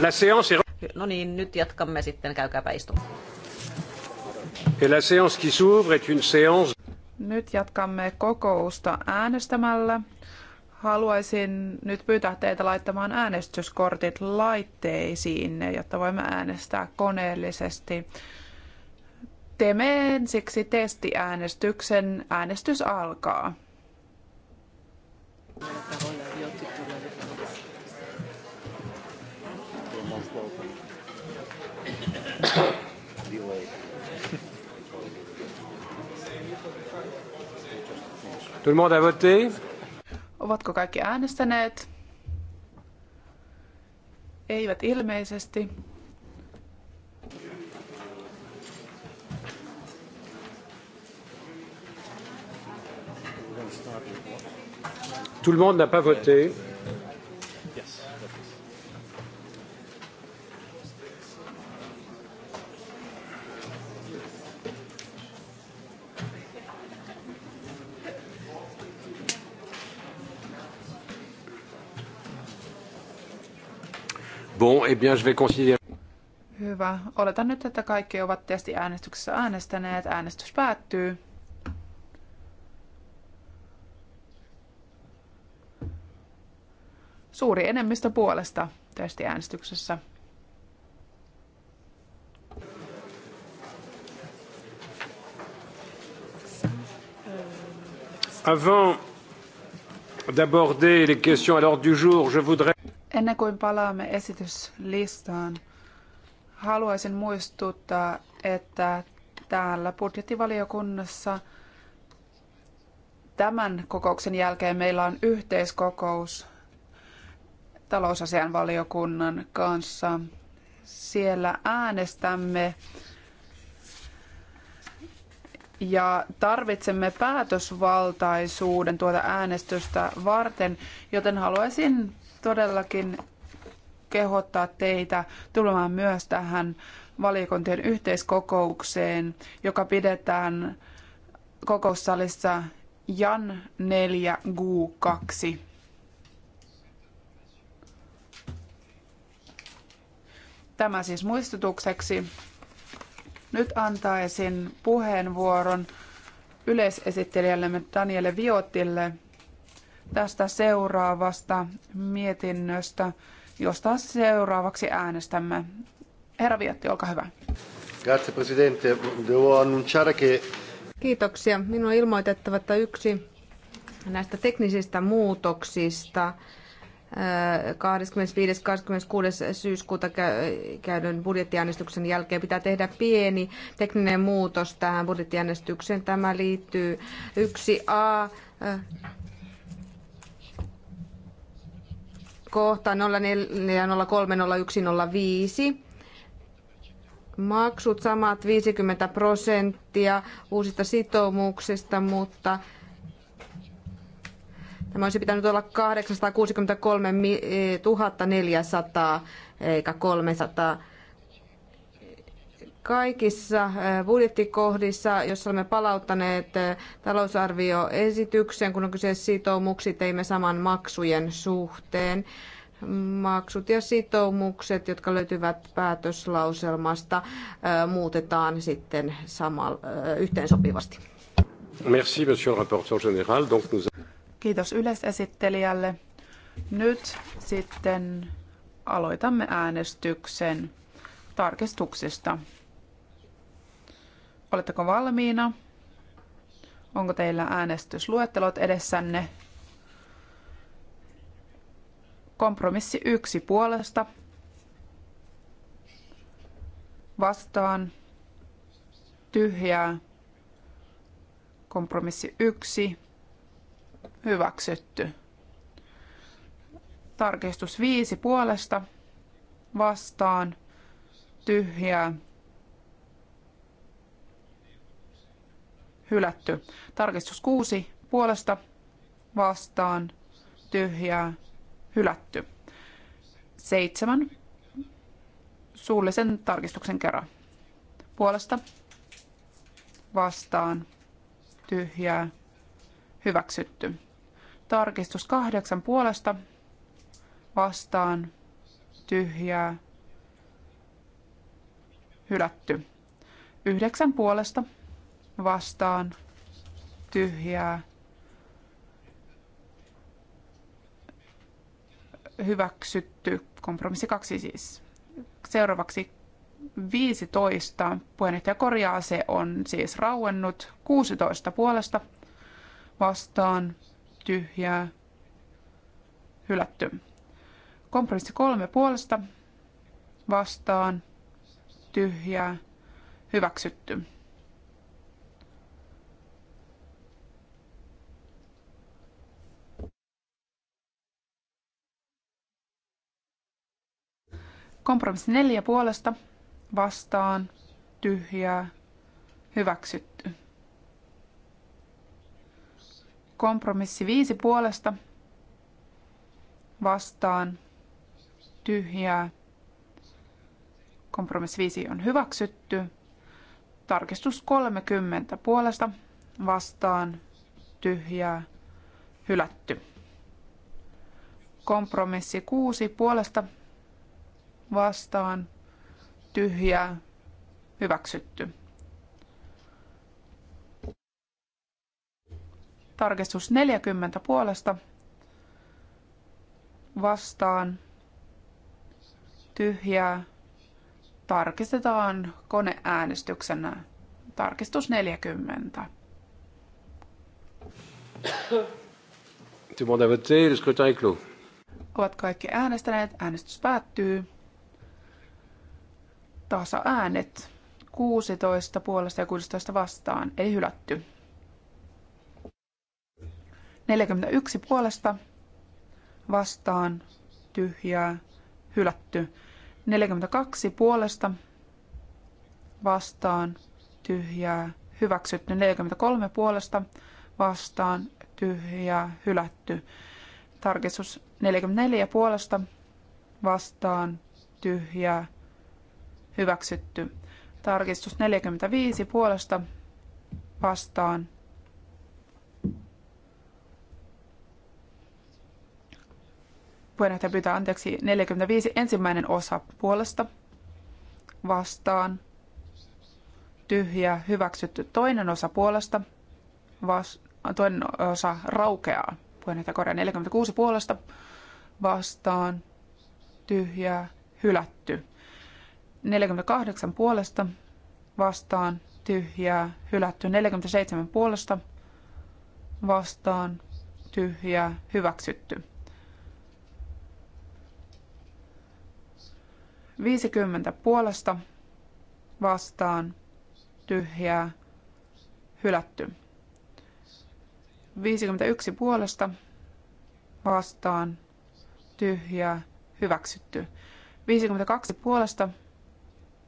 La séance est... No niin, nyt jatkamme sitten, käykääpä istumaan. Et la séance qui s'ouvre est une séance... Nyt jatkamme kokousta äänestämällä. Haluaisin nyt pyytää teitä laittamaan äänestyskortit laitteisiin, jotta voimme äänestää koneellisesti. Teemme ensiksi testiäänestyksen. Äänestys alkaa. Tout le monde a voté? Ovatko kaikki äänestäneet? Eivät ilmeisesti. Tout le monde n'a pas voté. Bon, eh bien, je vais considérer... Hyvä. Oletan nyt, että kaikki ovat äänestyksessä äänestäneet. Äänestys päättyy. Suuri enemmistö puolesta äänestyksessä. Avant d'aborder les questions à l'ordre du jour, je voudrais... Ennen kuin palaamme esityslistaan, haluaisin muistuttaa, että täällä budjettivaliokunnassa tämän kokouksen jälkeen meillä on yhteiskokous talousasianvaliokunnan kanssa. Siellä äänestämme ja tarvitsemme päätösvaltaisuuden tuota äänestystä varten, joten haluaisin todellakin kehottaa teitä tulemaan myös tähän valiokuntien yhteiskokoukseen, joka pidetään kokoussalissa Jan 4 Q2. Tämä siis muistutukseksi. Nyt antaisin puheenvuoron yleisesittelijällemme Daniele Viotille – tästä seuraavasta mietinnöstä, josta seuraavaksi äänestämme. Herra Vietti, olkaa hyvä. Grazie Presidente. Devo annunciare che... Kiitoksia. Minun on ilmoitettava, että yksi näistä teknisistä muutoksista 25.–26. Äh, syyskuuta käydyn budjettiäänestyksen jälkeen pitää tehdä pieni tekninen muutos tähän budjettiäänestykseen. Tämä liittyy 1A kohta 04030105. Maksut samat 50 prosenttia uusista sitoumuksista, mutta Tämä olisi pitänyt olla 863 400 eh, eikä 300 Kaikissa äh, budjettikohdissa, jossa olemme palauttaneet äh, talousarvioesityksen, kun on kyse sitoumuksi, teimme saman maksujen suhteen maksut ja sitoumukset, jotka löytyvät päätöslauselmasta, äh, muutetaan sitten sama, yhteensopivasti. Merci, monsieur le rapporteur général. Donc nous... Kiitos yleisesittelijälle. Nyt sitten aloitamme äänestyksen tarkistuksista. Oletteko valmiina? Onko teillä äänestysluettelot edessänne? Kompromissi yksi puolesta. Vastaan. Tyhjää. Kompromissi yksi. Hyväksytty. Tarkistus viisi puolesta. Vastaan. Tyhjää hylätty. Tarkistus 6 puolesta vastaan tyhjää hylätty. 7 suullisen tarkistuksen kerran puolesta vastaan tyhjää hyväksytty. Tarkistus 8 puolesta vastaan tyhjää hylätty. 9 puolesta vastaan tyhjää hyväksytty. Kompromissi kaksi siis. Seuraavaksi 15. Puheenjohtaja korjaa, se on siis rauennut 16 puolesta vastaan tyhjää hylätty. Kompromissi kolme puolesta vastaan tyhjää hyväksytty. Kompromissi neljä puolesta vastaan tyhjää hyväksytty. Kompromissi viisi puolesta vastaan tyhjää. Kompromissi viisi on hyväksytty. Tarkistus 30 puolesta vastaan tyhjää hylätty. Kompromissi 6 puolesta vastaan tyhjää hyväksytty. Tarkistus 40 puolesta vastaan tyhjää tarkistetaan koneäänestyksenä. Tarkistus 40. Tout le monde a voté, le scrutin est clos. Ovat kaikki äänestäneet, äänestys päättyy tasa-äänet 16 puolesta ja 16 vastaan, eli hylätty. 41 puolesta vastaan, tyhjää, hylätty. 42 puolesta vastaan, tyhjää, hyväksytty. 43 puolesta vastaan, tyhjää, hylätty. Tarkistus 44 puolesta vastaan, tyhjää, hyväksytty. Tarkistus 45 puolesta vastaan. Puheenjohtaja pyytää anteeksi 45 ensimmäinen osa puolesta vastaan. Tyhjä hyväksytty toinen osa puolesta. Vas, toinen osa raukeaa. Puheenjohtaja korjaa 46 puolesta vastaan. tyhjä hylätty. 48 puolesta vastaan tyhjää, hylätty 47 puolesta vastaan tyhjää, hyväksytty. 50 puolesta vastaan tyhjää, hylätty. 51 puolesta vastaan tyhjää, hyväksytty. 52 puolesta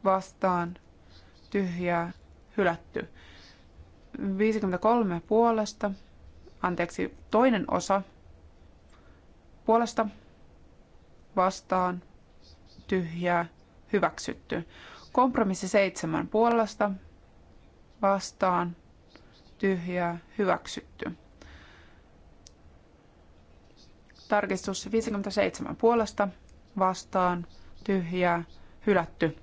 vastaan tyhjää hylätty. 53 puolesta, anteeksi, toinen osa puolesta vastaan tyhjää hyväksytty. Kompromissi 7 puolesta vastaan tyhjää hyväksytty. Tarkistus 57 puolesta vastaan tyhjää hylätty.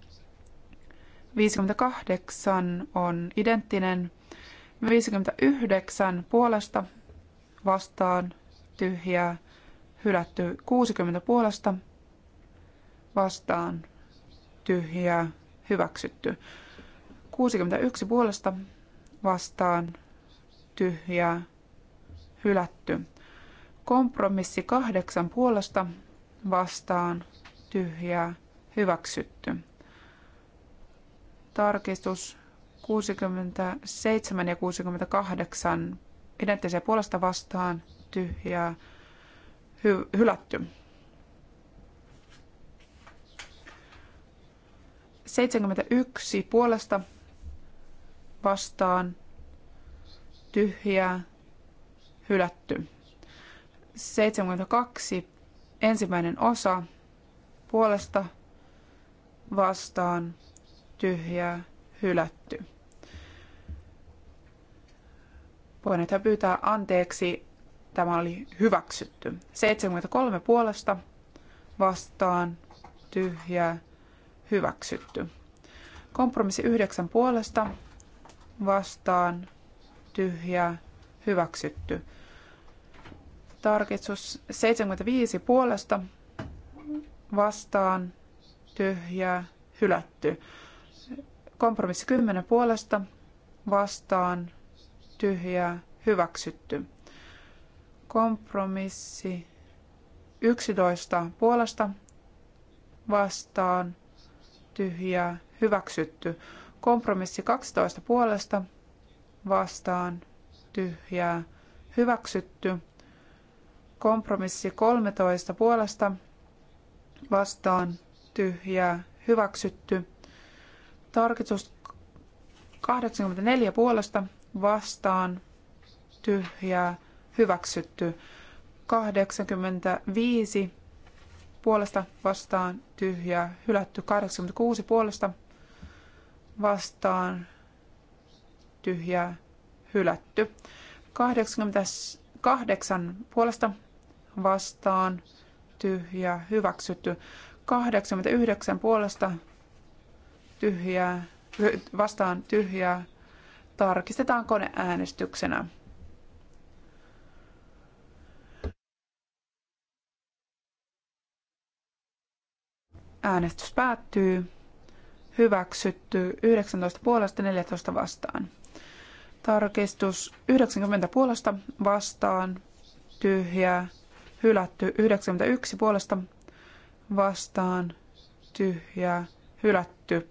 58 on identtinen. 59 puolesta vastaan tyhjää hylätty. 60 puolesta vastaan tyhjää hyväksytty. 61 puolesta vastaan tyhjää hylätty. Kompromissi 8 puolesta vastaan tyhjää hyväksytty. Tarkistus 67 ja 68. Identtisiä puolesta vastaan. Tyhjää. Hy- hylätty. 71 puolesta vastaan. Tyhjää. Hylätty. 72 ensimmäinen osa puolesta vastaan tyhjää, hylätty. Puheenjohtaja pyytää anteeksi, tämä oli hyväksytty. 73 puolesta vastaan, tyhjää, hyväksytty. Kompromissi 9 puolesta vastaan, tyhjää, hyväksytty. Tarkistus 75 puolesta vastaan, tyhjää, hylätty. Kompromissi 10 puolesta vastaan tyhjää hyväksytty. Kompromissi 11 puolesta vastaan tyhjää hyväksytty. Kompromissi 12 puolesta vastaan tyhjää hyväksytty. Kompromissi 13 puolesta vastaan tyhjää hyväksytty. Tarkistus 84 puolesta vastaan tyhjää hyväksytty. 85 puolesta vastaan tyhjää hylätty. 86 puolesta vastaan tyhjää hylätty. 88 puolesta vastaan tyhjää hyväksytty. 89 puolesta tyhjää, vastaan tyhjää. Tarkistetaan koneäänestyksenä. Äänestys päättyy. Hyväksytty 19 puolesta 14 vastaan. Tarkistus 90 puolesta vastaan. Tyhjää. Hylätty 91 puolesta vastaan. Tyhjää hylätty.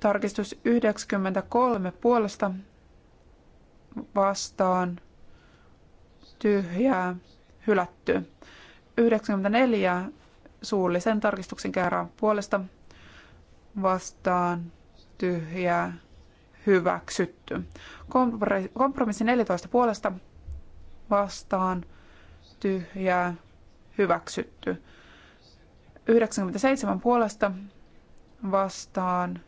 Tarkistus 93 puolesta vastaan tyhjää hylätty. 94 suullisen tarkistuksen kerran puolesta vastaan tyhjää hyväksytty. Kompromissi 14 puolesta vastaan tyhjää hyväksytty. 97 puolesta vastaan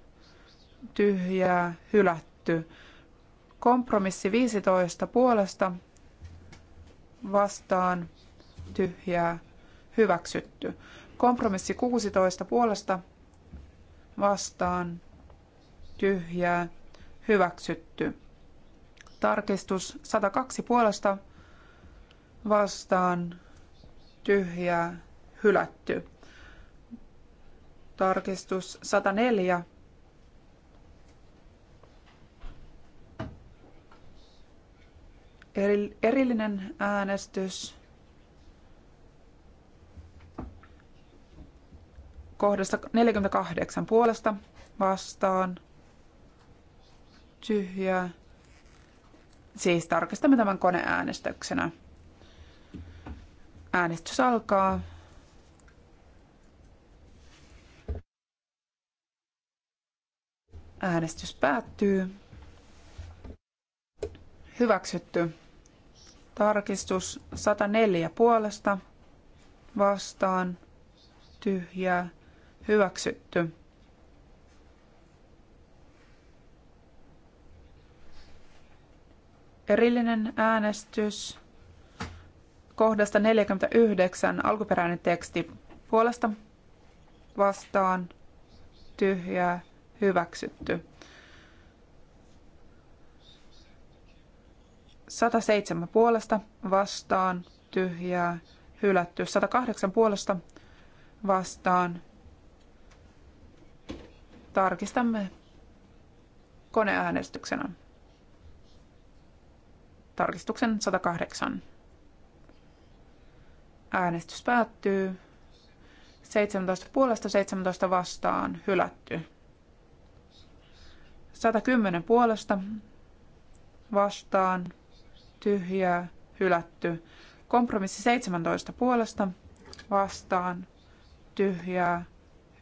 tyhjää hylätty. Kompromissi 15 puolesta vastaan tyhjää hyväksytty. Kompromissi 16 puolesta vastaan tyhjää hyväksytty. Tarkistus 102 puolesta vastaan tyhjää hylätty tarkistus 104 erillinen äänestys kohdasta 48 puolesta vastaan tyhjää. Siis tarkistamme tämän koneäänestyksenä. Äänestys alkaa. Äänestys päättyy. Hyväksytty. Tarkistus 104 puolesta. Vastaan. Tyhjää. Hyväksytty. Erillinen äänestys kohdasta 49 alkuperäinen teksti puolesta vastaan tyhjää hyväksytty. 107 puolesta vastaan tyhjää hylätty. 108 puolesta vastaan tarkistamme koneäänestyksenä. Tarkistuksen 108. Äänestys päättyy. 17 puolesta 17 vastaan hylätty. 110 puolesta vastaan tyhjää hylätty. Kompromissi 17 puolesta vastaan tyhjää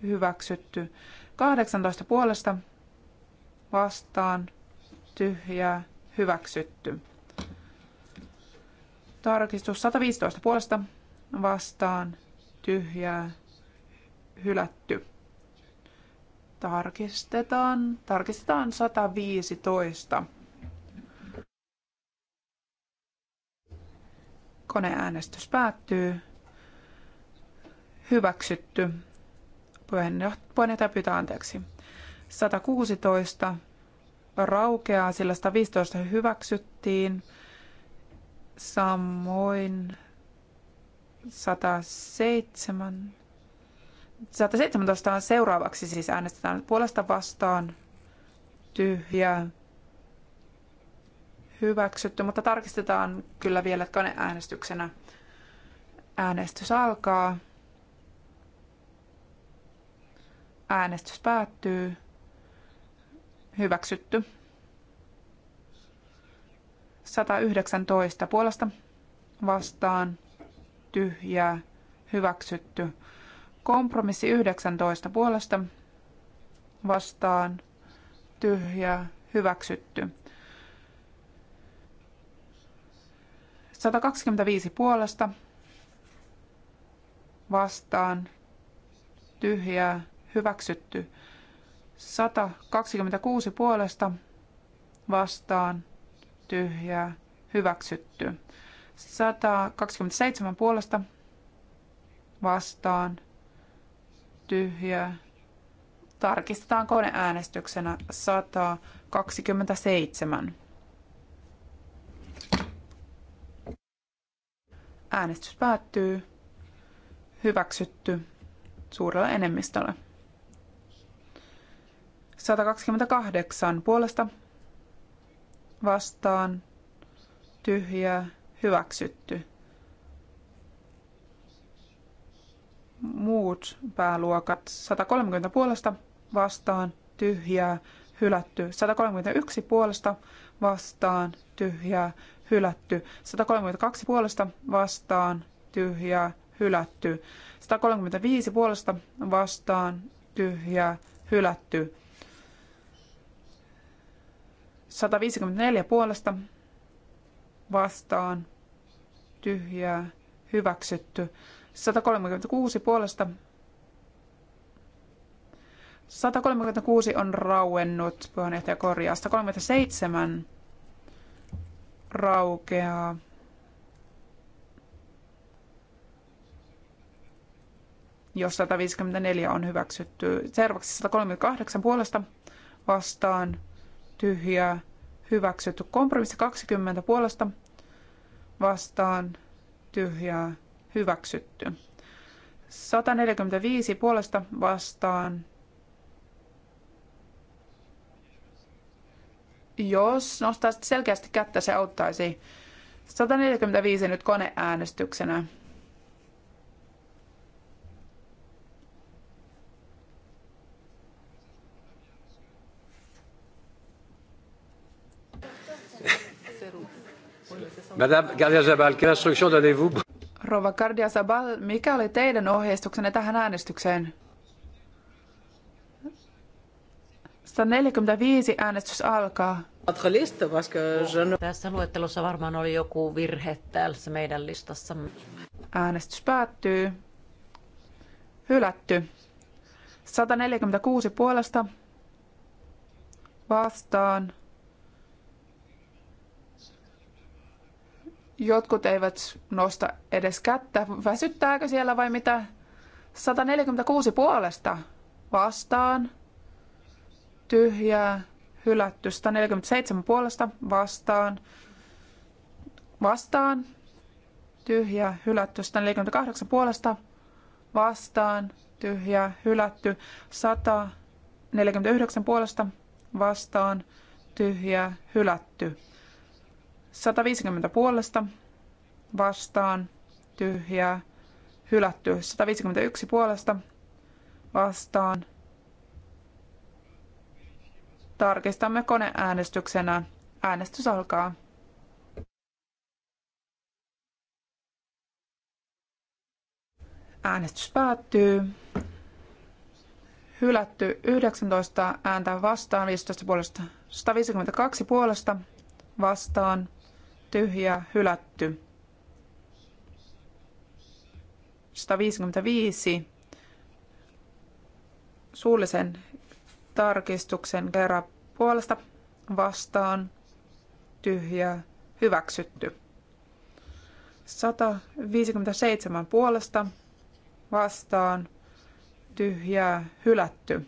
hyväksytty. 18 puolesta vastaan tyhjää hyväksytty. Tarkistus 115 puolesta vastaan tyhjää hylätty. Tarkistetaan. Tarkistetaan 115. Koneäänestys päättyy. Hyväksytty. Puheenjohtaja pyytää anteeksi. 116 raukeaa, sillä 115 hyväksyttiin. Samoin 107 117 seuraavaksi siis äänestetään puolesta vastaan tyhjää hyväksytty, mutta tarkistetaan kyllä vielä koneäänestyksenä. Äänestys alkaa. Äänestys päättyy. Hyväksytty. 119 puolesta vastaan tyhjää hyväksytty. Kompromissi 19 puolesta vastaan tyhjää hyväksytty. 125 puolesta vastaan tyhjää hyväksytty. 126 puolesta vastaan tyhjää hyväksytty. 127 puolesta vastaan tyhjää. Tarkistetaan koneäänestyksenä 127. Äänestys päättyy. Hyväksytty suurella enemmistöllä. 128 puolesta vastaan tyhjää hyväksytty. muut pääluokat 130 puolesta vastaan tyhjää hylätty, 131 puolesta vastaan tyhjää hylätty, 132 puolesta vastaan tyhjää hylätty, 135 puolesta vastaan tyhjää hylätty, 154 puolesta vastaan tyhjää hyväksytty, 136 puolesta. 136 on rauennut, puheenjohtaja korjaa. 137 raukeaa. jos 154 on hyväksytty. Seuraavaksi 138 puolesta vastaan tyhjää hyväksytty. Kompromissi 20 puolesta vastaan tyhjää hyväksytty. 145 puolesta vastaan. Jos nostaisit selkeästi kättä, se auttaisi. 145 nyt koneäänestyksenä. Madame Gardia Zabal, quelle instruction donnez-vous rouva Cardia Sabal, mikä oli teidän ohjeistuksenne tähän äänestykseen? 145 äänestys alkaa. Tässä luettelossa varmaan oli joku virhe täällä meidän listassamme. Äänestys päättyy. Hylätty. 146 puolesta. Vastaan. Jotkut eivät nosta edes kättä. Väsyttääkö siellä vai mitä? 146 puolesta vastaan. Tyhjää. Hylätty. 147 puolesta vastaan. Vastaan. Tyhjää. Hylätty. 148 puolesta vastaan. Tyhjää. Hylätty. 149 puolesta vastaan. Tyhjää. Hylätty. 150 puolesta vastaan tyhjää hylätty. 151 puolesta vastaan. Tarkistamme koneäänestyksenä. Äänestys alkaa. Äänestys päättyy. Hylätty 19 ääntä vastaan, 15 puolesta, 152 puolesta vastaan, tyhjä, hylätty. 155 suullisen tarkistuksen kerran puolesta vastaan tyhjä, hyväksytty. 157 puolesta vastaan tyhjää hylätty.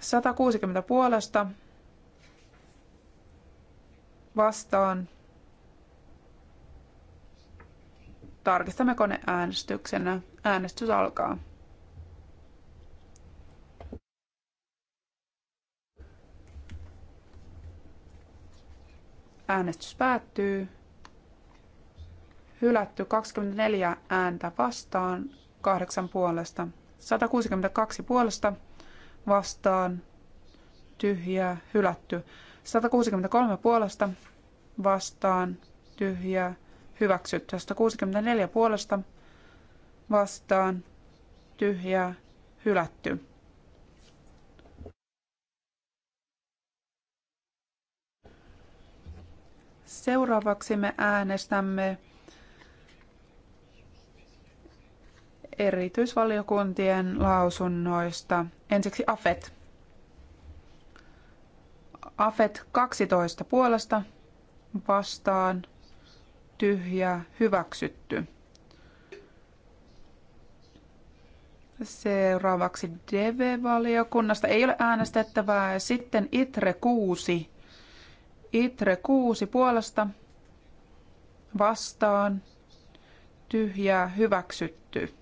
160 puolesta vastaan Tarkistamme koneäänestyksenä. Äänestys alkaa. Äänestys päättyy. Hylätty 24 ääntä vastaan, 8 puolesta. 162 puolesta vastaan, tyhjää, hylätty. 163 puolesta vastaan, tyhjää, hyväksytty. 164 puolesta vastaan tyhjää hylätty. Seuraavaksi me äänestämme erityisvaliokuntien lausunnoista. Ensiksi AFET. AFET 12 puolesta vastaan tyhjä hyväksytty. Seuraavaksi DV-valiokunnasta ei ole äänestettävää. Sitten ITRE 6. ITRE 6 puolesta vastaan tyhjää hyväksytty.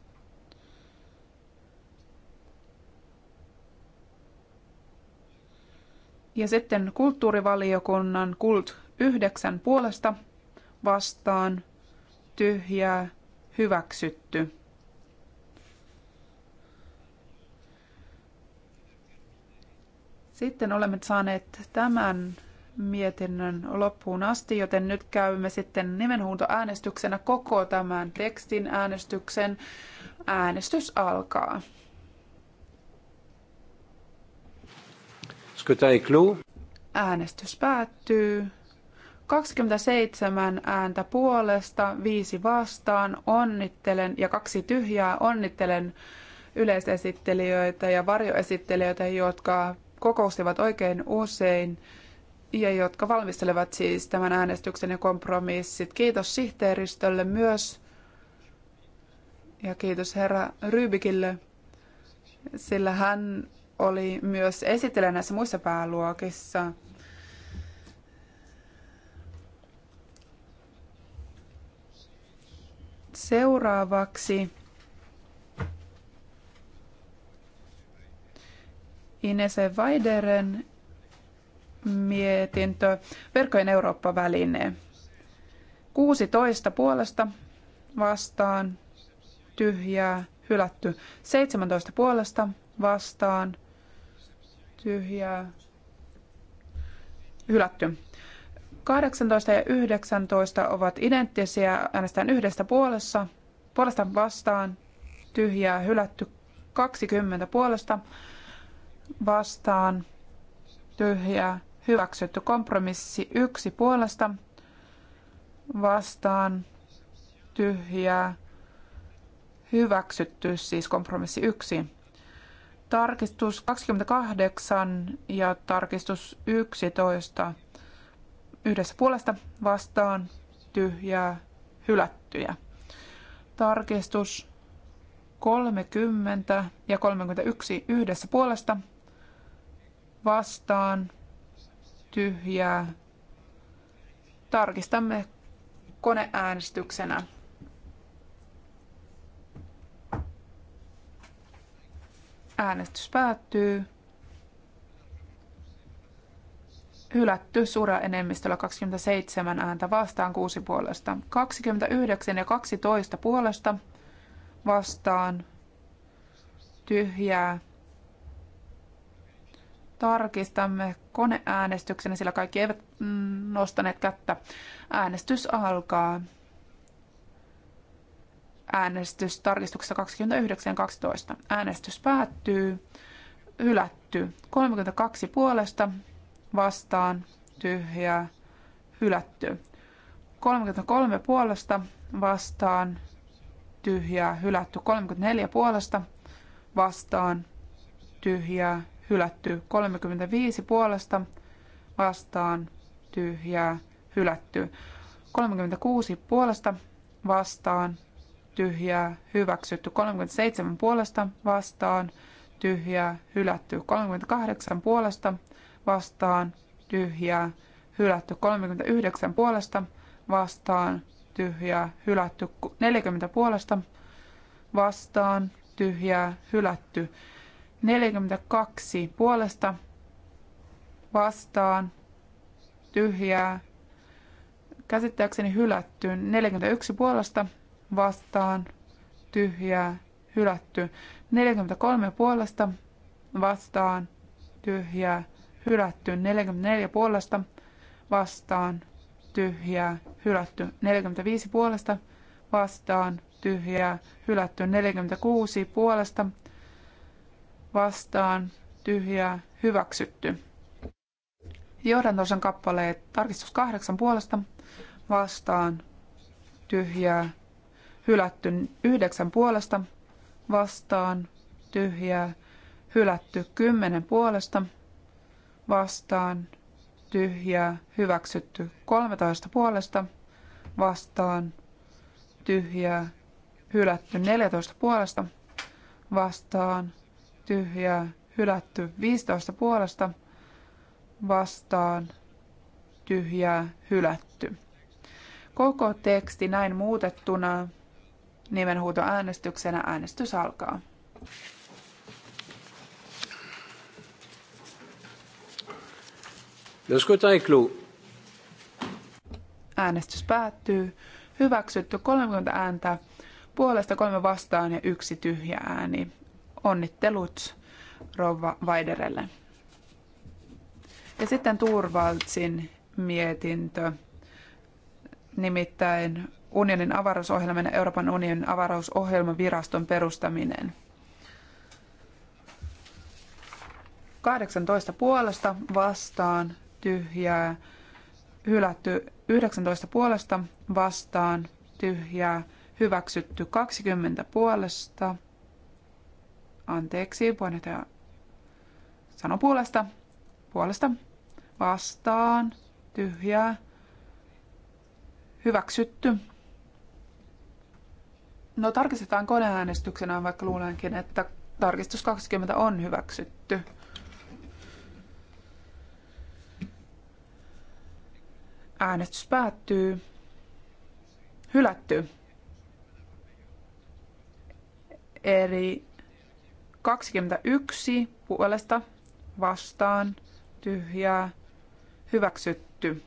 Ja sitten kulttuurivaliokunnan kult 9 puolesta vastaan tyhjää hyväksytty. Sitten olemme saaneet tämän mietinnön loppuun asti, joten nyt käymme sitten nimenhuuntoäänestyksenä koko tämän tekstin äänestyksen. Äänestys alkaa. Äänestys päättyy. 27 ääntä puolesta, viisi vastaan, onnittelen ja kaksi tyhjää, onnittelen yleisesittelijöitä ja varjoesittelijöitä, jotka kokoustivat oikein usein ja jotka valmistelevat siis tämän äänestyksen ja kompromissit. Kiitos sihteeristölle myös ja kiitos herra Rybikille, sillä hän oli myös esittelijä näissä muissa pääluokissa – Seuraavaksi Inese Vaideren mietintö Verkkojen Eurooppa-väline. 16 puolesta vastaan tyhjää hylätty. 17 puolesta vastaan tyhjää hylätty. 18 ja 19 ovat identtisiä, äänestään yhdestä puolesta vastaan, tyhjää hylätty 20 puolesta vastaan, tyhjää hyväksytty kompromissi yksi puolesta vastaan, tyhjää hyväksytty siis kompromissi yksi. Tarkistus 28 ja tarkistus 11 yhdessä puolesta vastaan tyhjää hylättyjä. Tarkistus 30 ja 31 yhdessä puolesta vastaan tyhjää. Tarkistamme koneäänestyksenä. Äänestys päättyy. hylätty suurella enemmistöllä 27 ääntä vastaan 6 puolesta. 29 ja 12 puolesta vastaan tyhjää. Tarkistamme koneäänestyksen, sillä kaikki eivät mm, nostaneet kättä. Äänestys alkaa. Äänestys tarkistuksessa 29.12. Äänestys päättyy. Hylätty 32 puolesta, vastaan tyhjää hylätty. 33 puolesta vastaan tyhjää hylätty. 34 puolesta vastaan tyhjää hylätty. 35 puolesta vastaan tyhjää hylätty. 36 puolesta vastaan tyhjää hyväksytty. 37 puolesta vastaan tyhjää hylätty. 38 puolesta vastaan tyhjää hylätty 39 puolesta vastaan tyhjää hylätty 40 puolesta vastaan tyhjää hylätty 42 puolesta vastaan tyhjää käsittääkseni hylätty 41 puolesta vastaan tyhjää hylätty 43 puolesta vastaan tyhjää hylätty 44 puolesta vastaan tyhjää hylätty 45 puolesta vastaan tyhjää hylätty 46 puolesta vastaan tyhjää hyväksytty. Johdantosan kappaleet tarkistus 8 puolesta vastaan tyhjää hylätty 9 puolesta vastaan tyhjää hylätty 10 puolesta vastaan tyhjää hyväksytty. 13 puolesta vastaan tyhjää hylätty. 14 puolesta vastaan tyhjää hylätty. 15 puolesta vastaan tyhjää hylätty. Koko teksti näin muutettuna nimenhuutoäänestyksenä äänestys alkaa. Le scrutin est clos. Äänestys päättyy. Hyväksytty 30 ääntä, puolesta kolme vastaan ja yksi tyhjä ääni. Onnittelut Rova Vaiderelle. Ja sitten Turvaltsin mietintö, nimittäin unionin avaruusohjelman ja Euroopan unionin avaruusohjelman viraston perustaminen. 18 puolesta vastaan tyhjää, hylätty 19 puolesta vastaan, tyhjää, hyväksytty 20 puolesta, anteeksi, puheenjohtaja sano puolesta, puolesta, vastaan, tyhjää, hyväksytty. No tarkistetaan koneäänestyksenä, vaikka luulenkin, että tarkistus 20 on hyväksytty. Äänestys päättyy. Hylätty. Eli 21 puolesta vastaan tyhjää hyväksytty.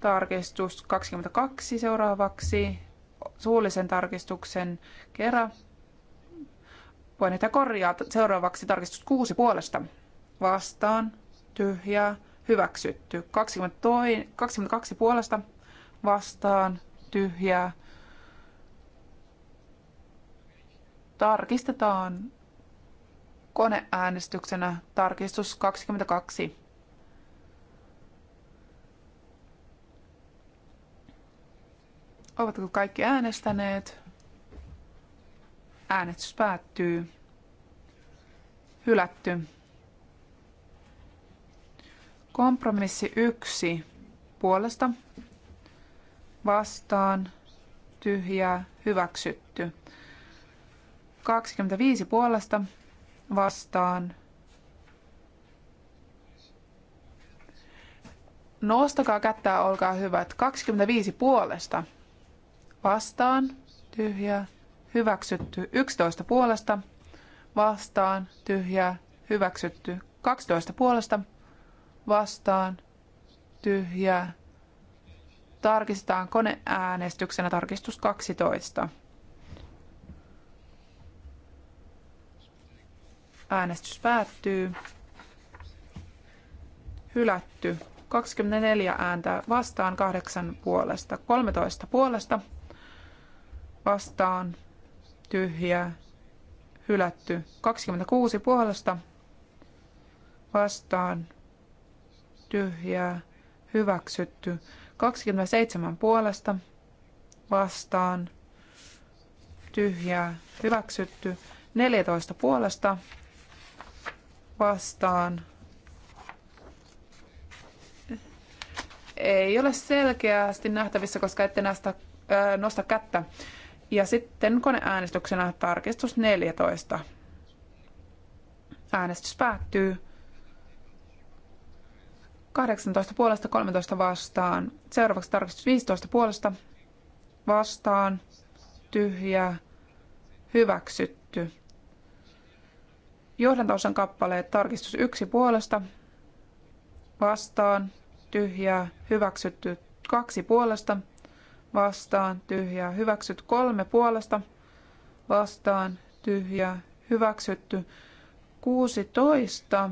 Tarkistus 22 seuraavaksi suullisen tarkistuksen kerran. Voin korjaa seuraavaksi tarkistus 6 puolesta vastaan tyhjää hyväksytty. 22, 22 puolesta vastaan tyhjää. Tarkistetaan koneäänestyksenä tarkistus 22. Ovatko kaikki äänestäneet? Äänestys päättyy. Hylätty. Kompromissi yksi puolesta vastaan tyhjää hyväksytty. 25 puolesta vastaan. Nostakaa kättä, olkaa hyvät. 25 puolesta vastaan tyhjää hyväksytty. 11 puolesta vastaan tyhjää hyväksytty. 12 puolesta vastaan tyhjää. Tarkistetaan koneäänestyksenä tarkistus 12. Äänestys päättyy. Hylätty. 24 ääntä vastaan, 8 puolesta, 13 puolesta vastaan, tyhjää, hylätty. 26 puolesta vastaan, tyhjää hyväksytty. 27 puolesta vastaan tyhjää hyväksytty. 14 puolesta vastaan ei ole selkeästi nähtävissä, koska ette näistä, ö, nosta kättä. Ja sitten koneäänestyksenä tarkistus 14. Äänestys päättyy. 18 puolesta 13 vastaan. Seuraavaksi tarkistus 15 puolesta vastaan. tyhjä Hyväksytty. Johdantaosan kappaleet tarkistus 1 puolesta vastaan. tyhjä Hyväksytty. 2 puolesta vastaan. tyhjä Hyväksytty. 3 puolesta vastaan. tyhjä Hyväksytty. 16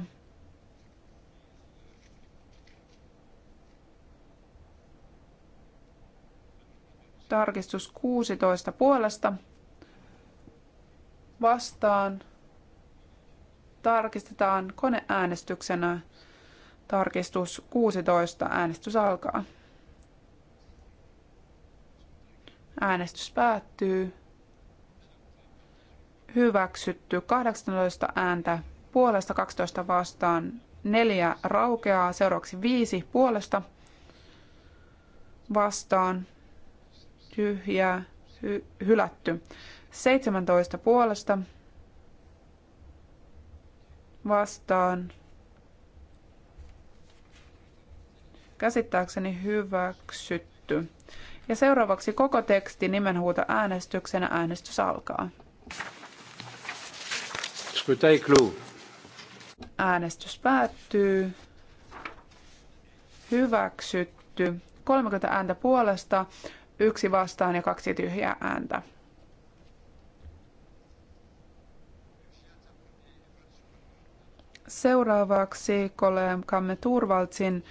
Tarkistus 16 puolesta vastaan. Tarkistetaan koneäänestyksenä. Tarkistus 16. Äänestys alkaa. Äänestys päättyy. Hyväksytty 18 ääntä puolesta 12 vastaan. Neljä raukeaa, seuraavaksi viisi puolesta vastaan tyhjää, hy- hylätty. 17 puolesta vastaan. Käsittääkseni hyväksytty. Ja seuraavaksi koko teksti nimenhuuta äänestyksenä äänestys alkaa. Äänestys päättyy. Hyväksytty. 30 ääntä puolesta, yksi vastaan ja kaksi tyhjää ääntä. Seuraavaksi kollegamme Turvaltsin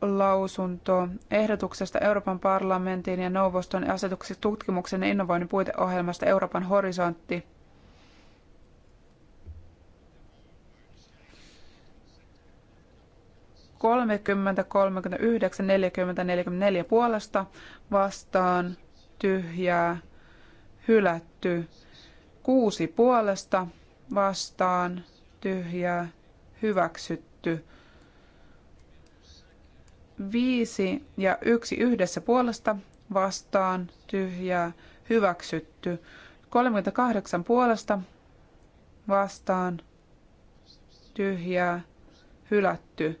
lausunto ehdotuksesta Euroopan parlamentin ja neuvoston asetuksesta tutkimuksen ja innovoinnin puiteohjelmasta Euroopan horisontti 30, 39, 40, 44 puolesta vastaan tyhjää hylätty. 6 puolesta vastaan tyhjää hyväksytty. 5 ja 1 yhdessä puolesta vastaan tyhjää hyväksytty. 38 puolesta vastaan tyhjää hylätty.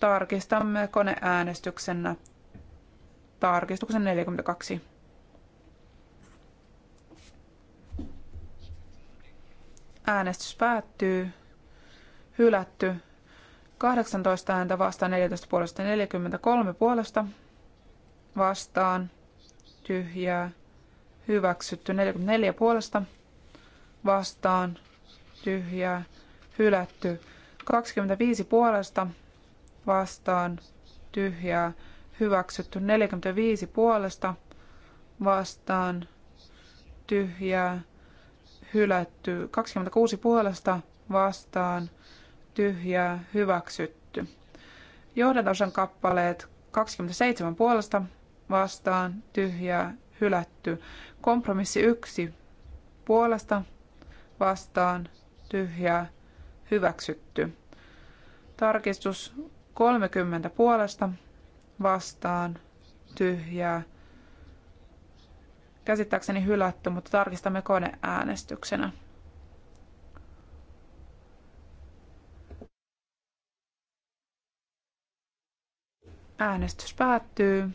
Tarkistamme koneäänestyksenä tarkistuksen 42. Äänestys päättyy. Hylätty. 18 ääntä vastaan 14 puolesta 43 puolesta vastaan tyhjää hyväksytty 44 puolesta vastaan tyhjää hylätty 25 puolesta vastaan tyhjää hyväksytty. 45 puolesta vastaan tyhjää hylätty. 26 puolesta vastaan tyhjää hyväksytty. Johdantosan kappaleet 27 puolesta vastaan tyhjää hylätty. Kompromissi 1 puolesta vastaan tyhjää hyväksytty. Tarkistus 30 puolesta vastaan tyhjää. Käsittääkseni hylätty, mutta tarkistamme koneäänestyksenä. Äänestys päättyy.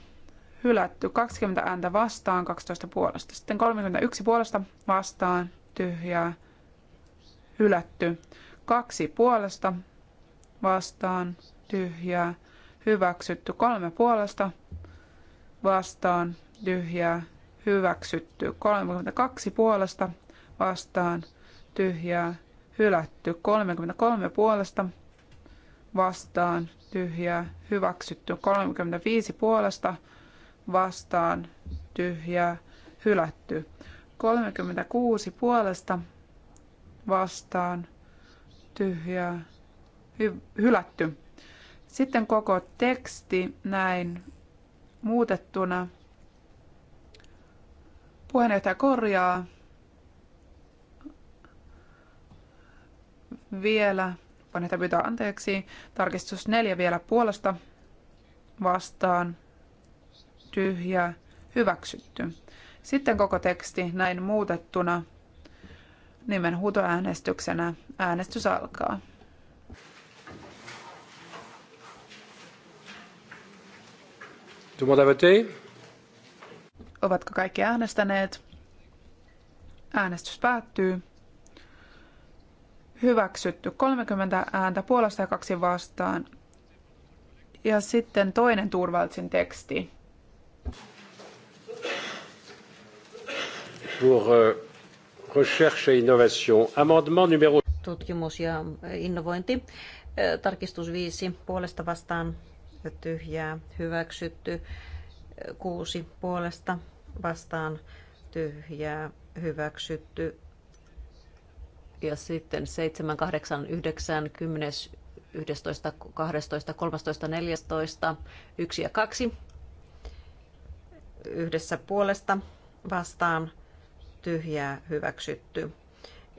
Hylätty 20 ääntä vastaan, 12 puolesta. Sitten 31 puolesta vastaan, tyhjää. Hylätty 2 puolesta vastaan, tyhjää, hyväksytty. Kolme puolesta vastaan, tyhjää, hyväksytty. 32 puolesta vastaan, tyhjää, hylätty. 33 puolesta vastaan, tyhjää, hyväksytty. 35 puolesta vastaan, tyhjää, hylätty. 36 puolesta vastaan, tyhjää, hy- hylätty. Sitten koko teksti näin muutettuna. Puheenjohtaja korjaa vielä, puheenjohtaja pyytää anteeksi, tarkistus neljä vielä puolesta vastaan, tyhjä hyväksytty. Sitten koko teksti näin muutettuna nimen huutoäänestyksenä äänestys alkaa. Ovatko kaikki äänestäneet? Äänestys päättyy. Hyväksytty 30 ääntä puolesta ja kaksi vastaan. Ja sitten toinen Turvaltsin teksti. Pour euh, recherche et innovation, amendement numéro... Tutkimus ja innovointi. Äh, tarkistus 5 puolesta vastaan ja tyhjää hyväksytty. Kuusi puolesta vastaan tyhjää hyväksytty. Ja sitten 7, 8, 9, 10, 11, 12, 13, 14, 1 ja 2 yhdessä puolesta vastaan tyhjää hyväksytty.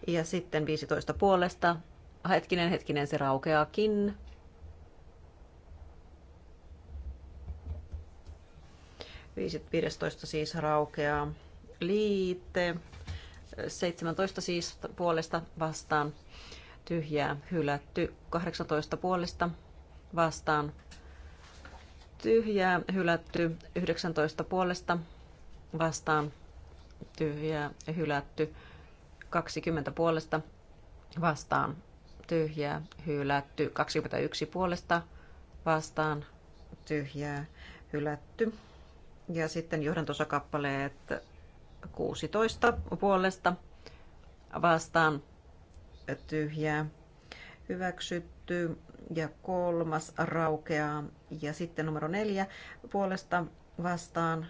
Ja sitten 15 puolesta. Hetkinen, hetkinen, se raukeakin. 15 siis raukeaa. Liite 17 siis puolesta vastaan tyhjää hylätty. 18 puolesta vastaan tyhjää hylätty. 19 puolesta vastaan tyhjää hylätty. 20 puolesta vastaan tyhjää hylätty. 21 puolesta vastaan tyhjää hylätty. Ja sitten johdantosakappaleet 16 puolesta vastaan tyhjää hyväksytty ja kolmas raukeaa ja sitten numero neljä puolesta vastaan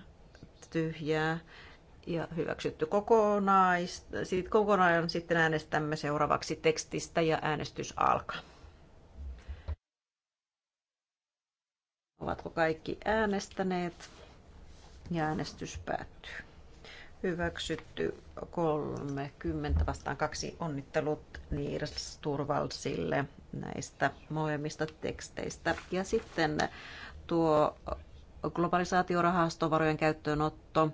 tyhjää ja hyväksytty kokonais, kokonaan sitten äänestämme seuraavaksi tekstistä ja äänestys alkaa. Ovatko kaikki äänestäneet? Ja äänestys päättyy. Hyväksytty 30 vastaan kaksi onnittelut Niirs Turvalsille näistä molemmista teksteistä. Ja sitten tuo globalisaatiorahastovarojen käyttöönotto.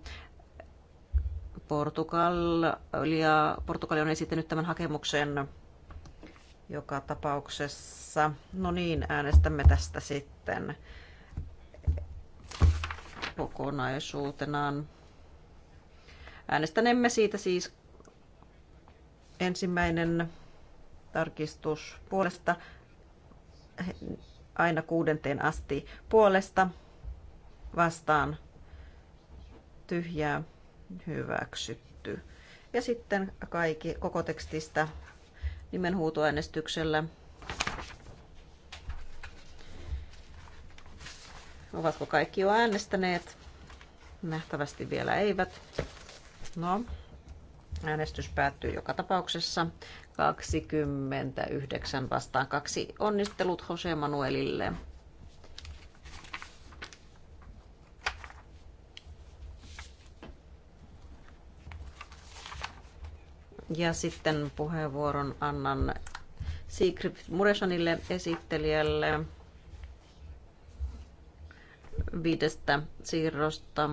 Portugalia, Portugali on esittänyt tämän hakemuksen joka tapauksessa. No niin, äänestämme tästä sitten kokonaisuutenaan. Äänestänemme siitä siis ensimmäinen tarkistus puolesta aina kuudenteen asti puolesta vastaan tyhjää hyväksytty. Ja sitten kaikki koko tekstistä nimenhuutoäänestyksellä Ovatko kaikki jo äänestäneet? Nähtävästi vielä eivät. No, äänestys päättyy joka tapauksessa. 29 vastaan kaksi onnistelut Jose Manuelille. Ja sitten puheenvuoron annan Sigrid Muresanille esittelijälle viidestä siirrosta,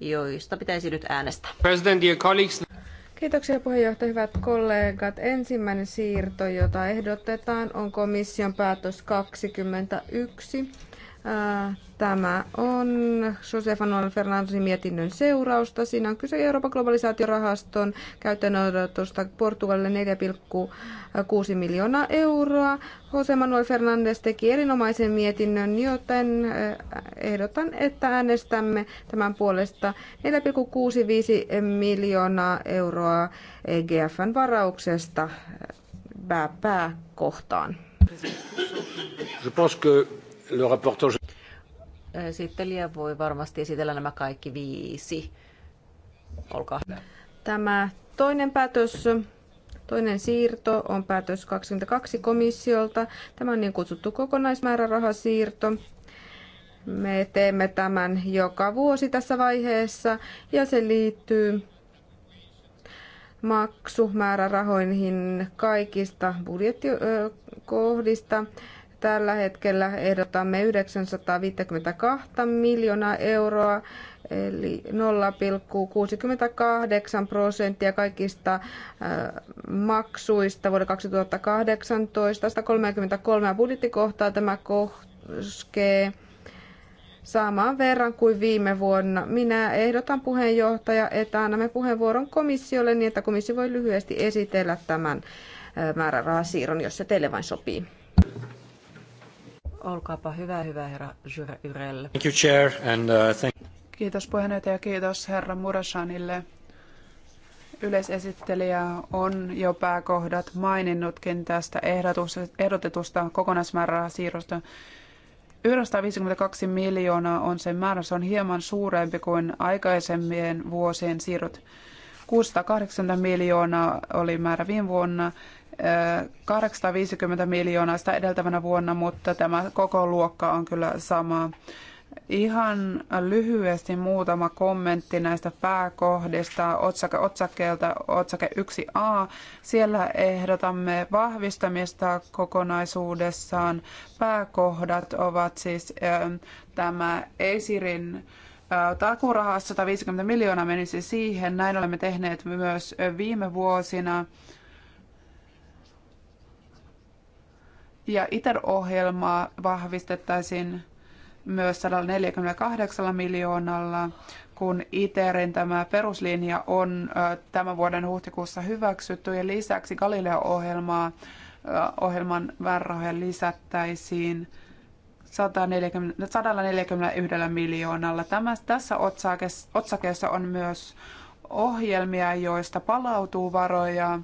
joista pitäisi nyt äänestää. President, dear colleagues. Kiitoksia puheenjohtaja, hyvät kollegat. Ensimmäinen siirto, jota ehdotetaan, on komission päätös 21 Äh, tämä on Jose Manuel Fernandesin mietinnön seurausta. Siinä on kyse Euroopan globalisaatiorahaston käyttöönotosta Portugalille 4,6 miljoonaa euroa. Jose Manuel Fernandes teki erinomaisen mietinnön, joten äh, ehdotan, että äänestämme tämän puolesta 4,65 miljoonaa euroa EGFn varauksesta äh, pääkohtaan. Pää Je pense que Le rapporteur... Esittelijä voi varmasti esitellä nämä kaikki viisi. Olkaa hyvä. Tämä toinen päätös Toinen siirto on päätös 22 komissiolta. Tämä on niin kutsuttu kokonaismäärärahasiirto. Me teemme tämän joka vuosi tässä vaiheessa ja se liittyy maksumäärärahoihin kaikista budjettikohdista. Äh, Tällä hetkellä ehdotamme 952 miljoonaa euroa, eli 0,68 prosenttia kaikista äh, maksuista vuoden 2018. 133 budjettikohtaa tämä koskee samaan verran kuin viime vuonna. Minä ehdotan puheenjohtaja, että annamme puheenvuoron komissiolle niin, että komissio voi lyhyesti esitellä tämän äh, määrärahasiirron, jos se teille vain sopii. Olkaapa hyvä, hyvä herra Jyrel. Thank you, chair, and, uh, thank... Kiitos puheenjohtaja ja kiitos herra Murashanille. Yleisesittelijä on jo pääkohdat maininnutkin tästä ehdotetusta kokonaismäärää siirrosta. 952 miljoonaa on sen määrä. Se on hieman suurempi kuin aikaisemmien vuosien siirrot. 680 miljoonaa oli määrä viime vuonna 850 miljoonaa sitä edeltävänä vuonna, mutta tämä koko luokka on kyllä sama. Ihan lyhyesti muutama kommentti näistä pääkohdista otsake, otsakkeelta otsake 1a. Siellä ehdotamme vahvistamista kokonaisuudessaan. Pääkohdat ovat siis äh, tämä Esirin äh, takurahassa 150 miljoonaa menisi siihen. Näin olemme tehneet myös viime vuosina. Ja ITER-ohjelmaa vahvistettaisiin myös 148 miljoonalla, kun ITERin tämä peruslinja on tämän vuoden huhtikuussa hyväksytty ja lisäksi Galileo-ohjelmaa ohjelman määrärahoja lisättäisiin 140, 141 miljoonalla. Tämä, tässä otsakeessa on myös ohjelmia, joista palautuu varoja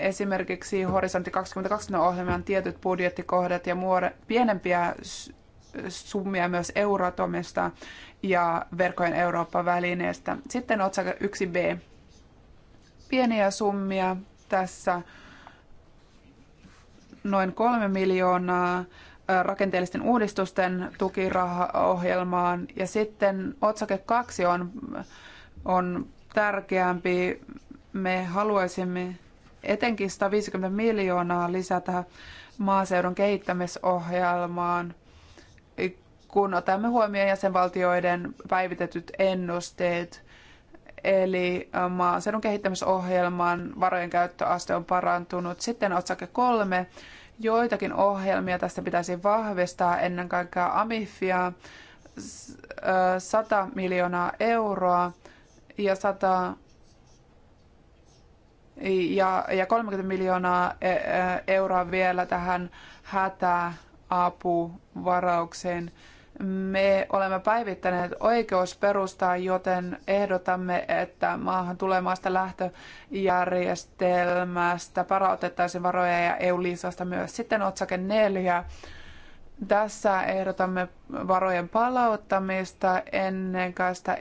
esimerkiksi Horisontti 2020 ohjelman tietyt budjettikohdat ja muore, pienempiä summia myös Euratomista ja verkkojen Eurooppa-välineestä. Sitten otsake 1b. Pieniä summia tässä noin kolme miljoonaa rakenteellisten uudistusten tukirahaohjelmaan. Ja sitten otsake kaksi on, on tärkeämpi. Me haluaisimme etenkin 150 miljoonaa lisätä maaseudun kehittämisohjelmaan, kun otamme huomioon jäsenvaltioiden päivitetyt ennusteet. Eli maaseudun kehittämisohjelman varojen käyttöaste on parantunut. Sitten otsake kolme. Joitakin ohjelmia tästä pitäisi vahvistaa, ennen kaikkea Amifia, 100 miljoonaa euroa ja 100 ja, ja 30 miljoonaa e, e, euroa vielä tähän hätäapuvaraukseen. Me olemme päivittäneet oikeusperustaa, joten ehdotamme, että maahan maasta lähtöjärjestelmästä palautettaisiin varoja ja EU-liisasta myös. Sitten otsake neljä tässä ehdotamme varojen palauttamista ennen kaikkea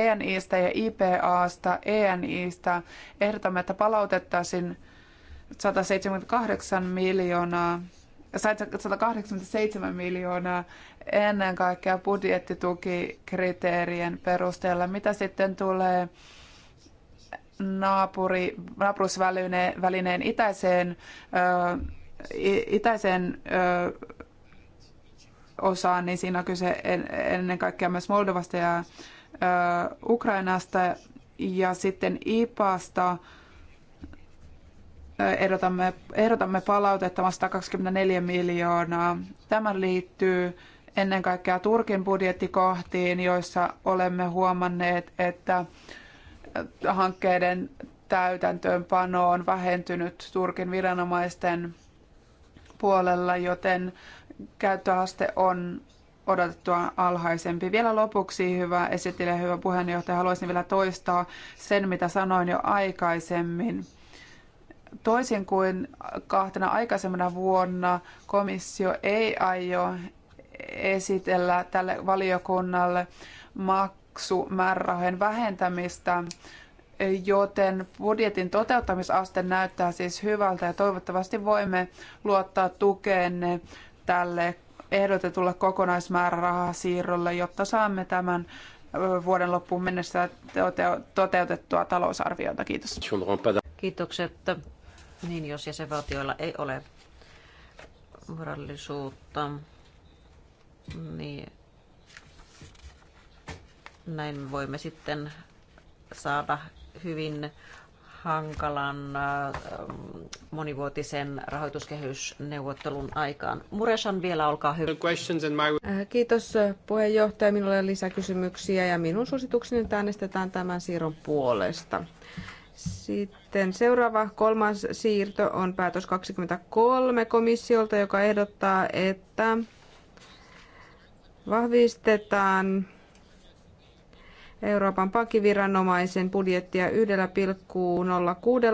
e, ENIstä e ja IPAsta. ENIstä ehdotamme, että palautettaisiin 178 miljoonaa 187 miljoonaa ennen kaikkea budjettitukikriteerien perusteella. Mitä sitten tulee naapuri, naapurusvälineen itäiseen, ö, itäiseen ö, osaan, niin siinä on kyse ennen kaikkea myös Moldovasta ja Ukrainasta ja sitten IPAsta ehdotamme, ehdotamme palautettava 124 miljoonaa. Tämä liittyy ennen kaikkea Turkin budjettikohtiin, joissa olemme huomanneet, että hankkeiden täytäntöönpano on vähentynyt Turkin viranomaisten puolella, joten käyttöaste on odotettua alhaisempi. Vielä lopuksi, hyvä esittelijä, hyvä puheenjohtaja, haluaisin vielä toistaa sen, mitä sanoin jo aikaisemmin. Toisin kuin kahtena aikaisemmana vuonna komissio ei aio esitellä tälle valiokunnalle maksumäärärahojen vähentämistä, joten budjetin toteuttamisaste näyttää siis hyvältä ja toivottavasti voimme luottaa tukeenne tälle ehdotetulle kokonaismäärärahasiirrolle, jotta saamme tämän vuoden loppuun mennessä toteutettua talousarviota. Kiitos. Kiitokset. Niin, jos jäsenvaltioilla ei ole varallisuutta, niin näin voimme sitten saada hyvin hankalan äh, monivuotisen rahoituskehysneuvottelun aikaan. Mureshan vielä, olkaa hyvä. Äh, kiitos äh, puheenjohtaja. Minulla on lisäkysymyksiä ja minun suositukseni äänestetään tämän siirron puolesta. Sitten seuraava kolmas siirto on päätös 23 komissiolta, joka ehdottaa, että vahvistetaan Euroopan pankkiviranomaisen budjettia 1,06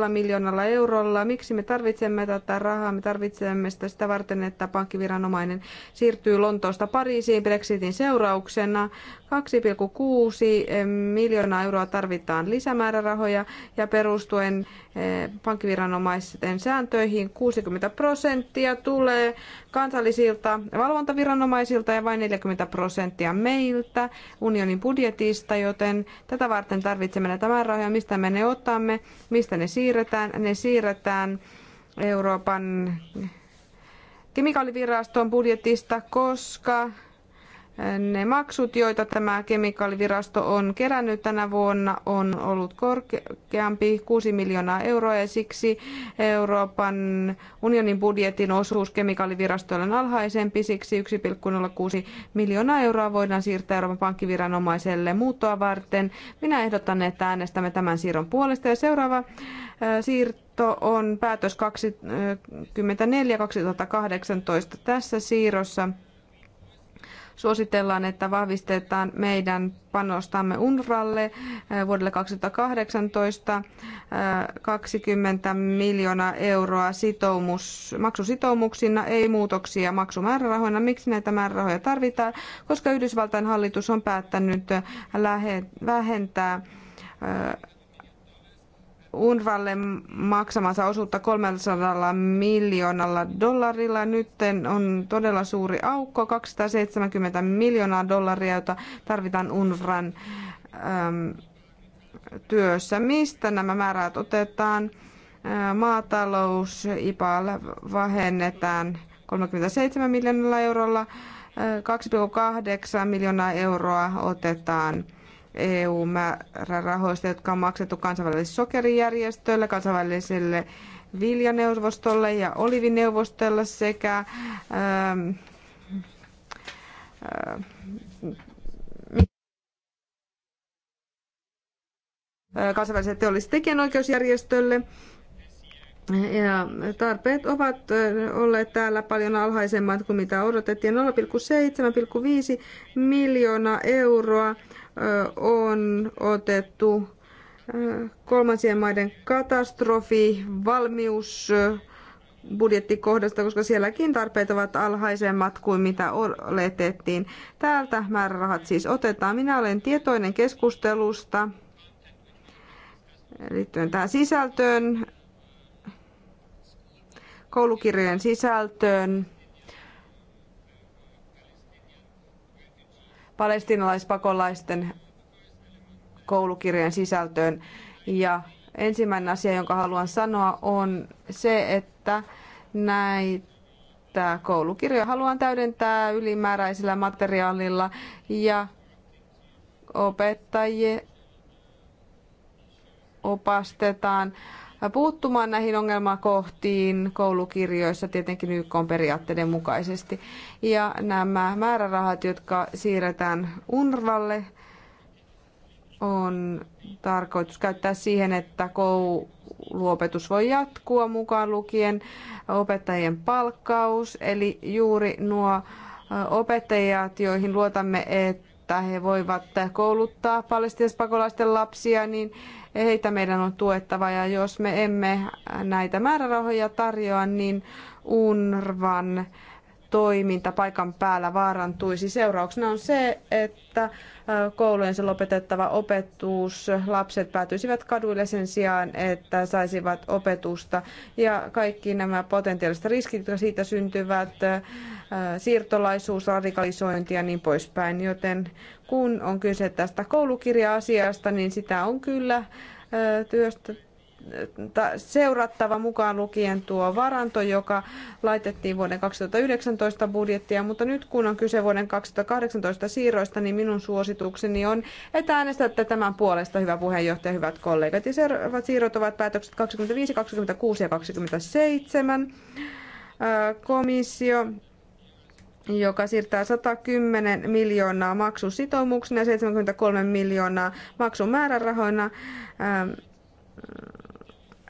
miljoonalla eurolla. Miksi me tarvitsemme tätä rahaa? Me tarvitsemme sitä, sitä varten, että pankkiviranomainen siirtyy Lontoosta Pariisiin Brexitin seurauksena. 2,6 miljoonaa euroa tarvitaan lisämäärärahoja ja perustuen eh, pankkiviranomaisten sääntöihin 60 prosenttia tulee kansallisilta valvontaviranomaisilta ja vain 40 prosenttia meiltä unionin budjetista, joten tätä varten tarvitsemme näitä määrärahoja, mistä me ne otamme, mistä ne siirretään. Ne siirretään Euroopan kemikaaliviraston budjetista, koska ne maksut, joita tämä kemikaalivirasto on kerännyt tänä vuonna, on ollut korkeampi 6 miljoonaa euroa ja siksi Euroopan unionin budjetin osuus kemikaalivirastolle on alhaisempi. Siksi 1,06 miljoonaa euroa voidaan siirtää Euroopan pankkiviranomaiselle muuttoa varten. Minä ehdotan, että äänestämme tämän siirron puolesta ja seuraava siirto on päätös 24-2018 tässä siirrossa suositellaan, että vahvistetaan meidän panostamme UNRAlle eh, vuodelle 2018 20 eh, miljoonaa euroa sitoumus, maksusitoumuksina, ei muutoksia maksumäärärahoina. Miksi näitä määrärahoja tarvitaan? Koska Yhdysvaltain hallitus on päättänyt eh, vähentää Unvalle maksamansa osuutta 300 miljoonalla dollarilla. Nyt on todella suuri aukko, 270 miljoonaa dollaria, jota tarvitaan UNRWAn äm, työssä. Mistä nämä määrät otetaan? Äh, maatalous, IPAL vähennetään 37 miljoonalla eurolla, 2,8 äh, miljoonaa euroa otetaan – EU-määrärahoista, jotka on maksettu kansainväliselle sokerijärjestölle, kansainväliselle viljaneuvostolle ja olivineuvostolle sekä ähm, äh, kansainväliselle teollis- tekijänoikeusjärjestölle ja tarpeet ovat olleet täällä paljon alhaisemmat kuin mitä odotettiin. 0,7,5 miljoonaa euroa on otettu kolmansien maiden katastrofi, valmius budjettikohdasta, koska sielläkin tarpeet ovat alhaisemmat kuin mitä oletettiin. Täältä määrärahat siis otetaan. Minä olen tietoinen keskustelusta liittyen tähän sisältöön koulukirjojen sisältöön, palestinalaispakolaisten koulukirjojen sisältöön. Ja ensimmäinen asia, jonka haluan sanoa, on se, että näitä koulukirjoja haluan täydentää ylimääräisellä materiaalilla ja opettajia opastetaan puuttumaan näihin ongelmakohtiin koulukirjoissa tietenkin YK on periaatteiden mukaisesti. Ja nämä määrärahat, jotka siirretään UNRValle, on tarkoitus käyttää siihen, että kouluopetus voi jatkua mukaan lukien opettajien palkkaus, eli juuri nuo opettajat, joihin luotamme, että he voivat kouluttaa palestinaispakolaisten lapsia, niin heitä meidän on tuettava ja jos me emme näitä määrärahoja tarjoa, niin UNRVAN toiminta paikan päällä vaarantuisi. Seurauksena on se, että se lopetettava opetus, lapset päätyisivät kaduille sen sijaan, että saisivat opetusta. Ja kaikki nämä potentiaaliset riskit, jotka siitä syntyvät, siirtolaisuus, radikalisointi ja niin poispäin. Joten kun on kyse tästä koulukirja-asiasta, niin sitä on kyllä työstetty seurattava mukaan lukien tuo varanto, joka laitettiin vuoden 2019 budjettia, mutta nyt kun on kyse vuoden 2018 siirroista, niin minun suositukseni on, että äänestätte tämän puolesta, hyvä puheenjohtaja, hyvät kollegat. Ja seuraavat siirrot ovat päätökset 25, 26 ja 27. Komissio joka siirtää 110 miljoonaa maksusitoumuksena ja 73 miljoonaa maksumäärärahoina. Ähm,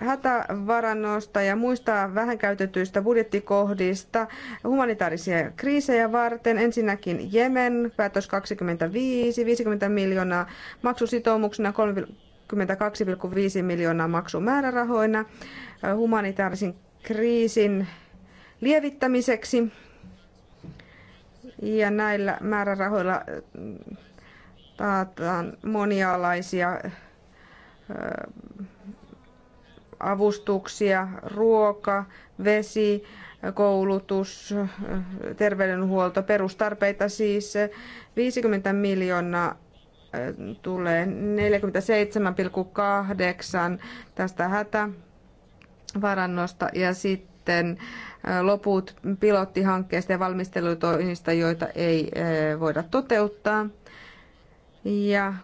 hätävarannosta ja muista vähän käytetyistä budjettikohdista humanitaarisia kriisejä varten. Ensinnäkin Jemen, päätös 25, 50 miljoonaa maksusitoumuksena, 32,5 miljoonaa maksumäärärahoina humanitaarisen kriisin lievittämiseksi. Ja näillä määrärahoilla taataan monialaisia avustuksia, ruoka, vesi, koulutus, terveydenhuolto, perustarpeita siis 50 miljoonaa äh, tulee 47,8 tästä hätävarannosta ja sitten äh, loput pilottihankkeista ja valmistelutoimista, joita ei äh, voida toteuttaa. Ja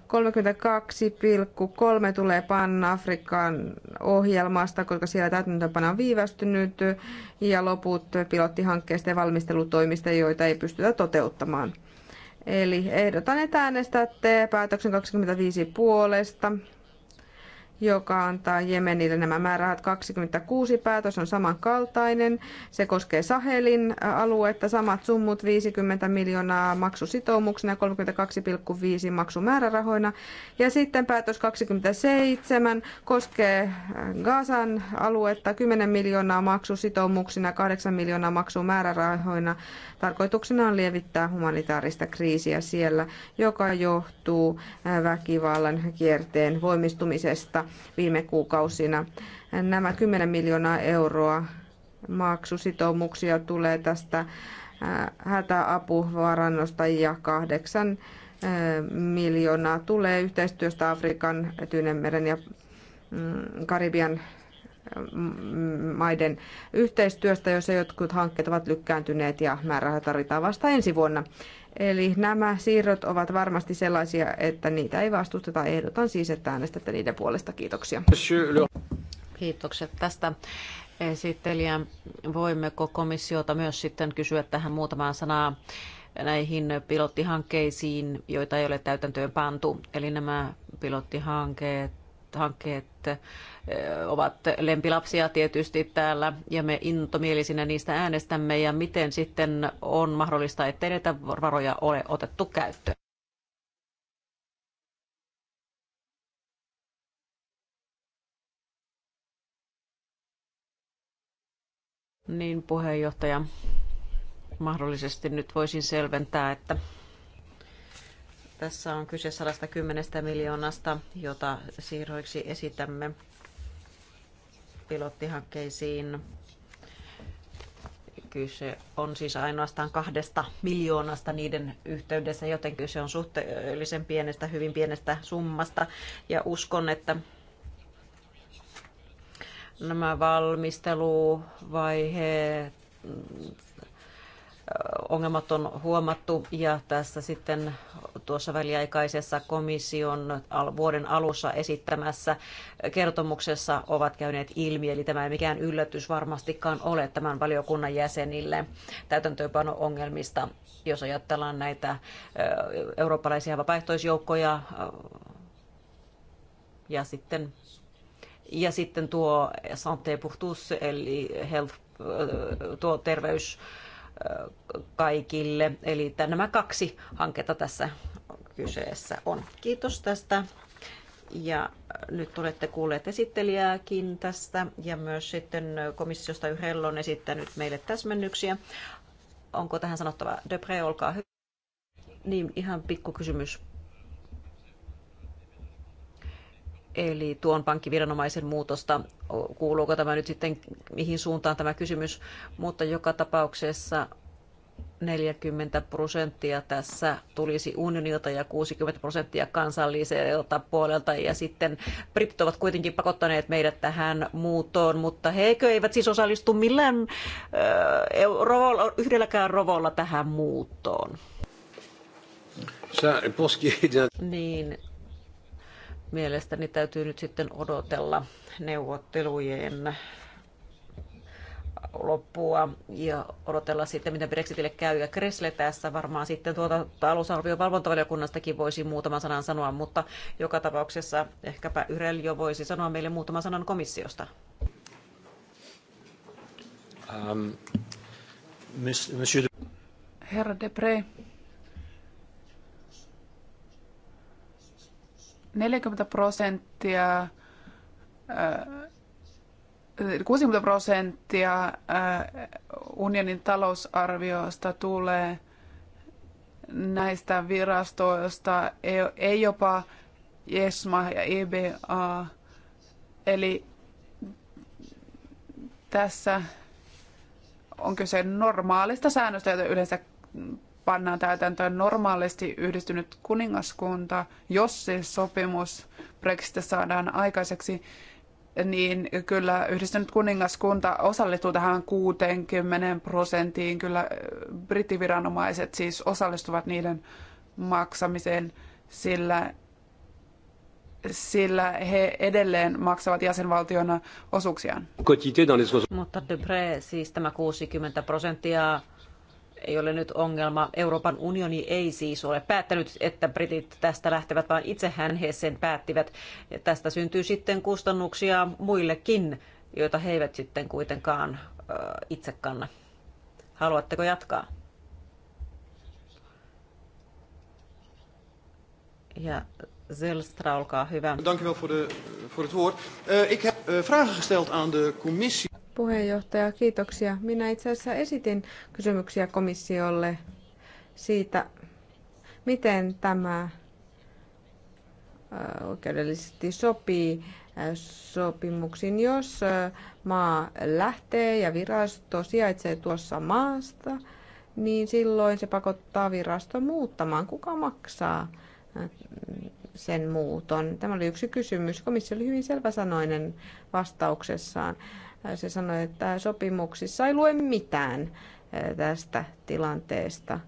32,3 tulee Pan-Afrikan ohjelmasta, koska siellä täytäntöönpano on viivästynyt ja loput pilottihankkeista ja valmistelutoimista, joita ei pystytä toteuttamaan. Eli ehdotan, että äänestätte päätöksen 25 puolesta joka antaa Jemenille nämä määrärahat 26. Päätös on samankaltainen. Se koskee Sahelin aluetta, samat summut 50 miljoonaa maksusitoumuksena ja 32,5 maksumäärärahoina. Ja sitten päätös 27 koskee Gazan aluetta 10 miljoonaa maksusitoumuksina, 8 miljoonaa maksumäärärahoina. Tarkoituksena on lievittää humanitaarista kriisiä siellä, joka johtuu väkivallan kierteen voimistumisesta viime kuukausina. Nämä 10 miljoonaa euroa maksusitoumuksia tulee tästä äh, hätäapuvarannosta ja kahdeksan äh, miljoonaa tulee yhteistyöstä Afrikan, Tyynemeren ja mm, Karibian mm, maiden yhteistyöstä, jossa jotkut hankkeet ovat lykkääntyneet ja määräraha tarvitaan vasta ensi vuonna. Eli nämä siirrot ovat varmasti sellaisia, että niitä ei vastusteta. Ehdotan siis, että äänestätte niiden puolesta. Kiitoksia. Kiitokset tästä esittelijän. Voimmeko komissiota myös sitten kysyä tähän muutamaan sanaa näihin pilottihankkeisiin, joita ei ole täytäntöön pantu. Eli nämä pilottihankkeet hankkeet ovat lempilapsia tietysti täällä ja me intomielisinä niistä äänestämme ja miten sitten on mahdollista, ettei näitä varoja ole otettu käyttöön. Niin puheenjohtaja, mahdollisesti nyt voisin selventää, että tässä on kyse 110 miljoonasta, jota siirroiksi esitämme pilottihankkeisiin. Kyse on siis ainoastaan kahdesta miljoonasta niiden yhteydessä, joten kyse on suhteellisen pienestä, hyvin pienestä summasta. Ja uskon, että nämä valmisteluvaiheet ongelmat on huomattu ja tässä sitten tuossa väliaikaisessa komission vuoden alussa esittämässä kertomuksessa ovat käyneet ilmi, eli tämä ei mikään yllätys varmastikaan ole tämän valiokunnan jäsenille täytäntöönpano-ongelmista, jos ajatellaan näitä eurooppalaisia vapaaehtoisjoukkoja ja sitten, ja sitten tuo santé pour tous, eli health, tuo terveys kaikille. Eli nämä kaksi hanketta tässä kyseessä on. Kiitos tästä. Ja äh, nyt olette kuulleet esittelijääkin tästä ja myös sitten komissiosta Yhrello on esittänyt meille täsmennyksiä. Onko tähän sanottava? Depre, olkaa hyvä. Niin, ihan pikku kysymys eli tuon pankkiviranomaisen muutosta. Kuuluuko tämä nyt sitten, mihin suuntaan tämä kysymys, mutta joka tapauksessa 40 prosenttia tässä tulisi unionilta ja 60 prosenttia kansalliselta puolelta. Ja sitten britit ovat kuitenkin pakottaneet meidät tähän muutoon, mutta heikö eivät siis osallistu millään äh, rovolla, yhdelläkään rovolla tähän muuttoon. Niin, mielestäni täytyy nyt sitten odotella neuvottelujen loppua ja odotella sitten, mitä Brexitille käy. Ja Kresle tässä varmaan sitten tuota talousarvion valvontavaliokunnastakin voisi muutaman sanan sanoa, mutta joka tapauksessa ehkäpä Yrel jo voisi sanoa meille muutaman sanan komissiosta. Um, Herra Debré, 40 prosenttia 60 äh, prosenttia äh, unionin talousarviosta tulee näistä virastoista, e, ei jopa ESMA ja EBA. Eli tässä on kyse normaalista säännöstä, jota yleensä pannaan täytäntöön normaalisti yhdistynyt kuningaskunta, jos se sopimus Brexitistä saadaan aikaiseksi, niin kyllä yhdistynyt kuningaskunta osallistuu tähän 60 prosenttiin. Kyllä brittiviranomaiset siis osallistuvat niiden maksamiseen, sillä, sillä he edelleen maksavat jäsenvaltiona osuuksiaan. Mutta Debre, siis tämä 60 prosenttia ei ole nyt ongelma. Euroopan unioni ei siis ole päättänyt, että britit tästä lähtevät, vaan itsehän he sen päättivät. Tästä syntyy sitten kustannuksia muillekin, joita he eivät sitten kuitenkaan itse kanna. Haluatteko jatkaa? Ja Zelstra, olkaa hyvä. Dankjewel voor, het woord. Eh, ik heb eh, vragen gesteld aan de commissie puheenjohtaja, kiitoksia. Minä itse asiassa esitin kysymyksiä komissiolle siitä, miten tämä oikeudellisesti sopii sopimuksiin, jos maa lähtee ja virasto sijaitsee tuossa maasta, niin silloin se pakottaa virasto muuttamaan, kuka maksaa sen muuton. Tämä oli yksi kysymys. Komissio oli hyvin selväsanoinen vastauksessaan. Se sanoi, että sopimuksissa ei lue mitään tästä tilanteesta.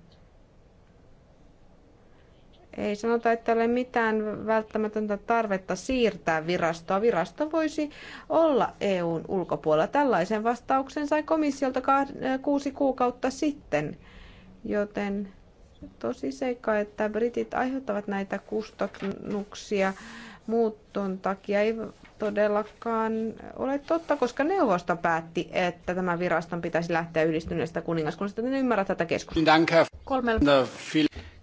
Ei sanota, että ole mitään välttämätöntä tarvetta siirtää virastoa. Virasto voisi olla EUn ulkopuolella. Tällaisen vastauksen sai komissiolta kuusi kuukautta sitten, joten tosi seikka, että britit aiheuttavat näitä kustannuksia muuton takia ei todellakaan ole totta, koska neuvosto päätti, että tämän viraston pitäisi lähteä yhdistyneestä kuningaskunnasta. En ymmärrä tätä keskustelua.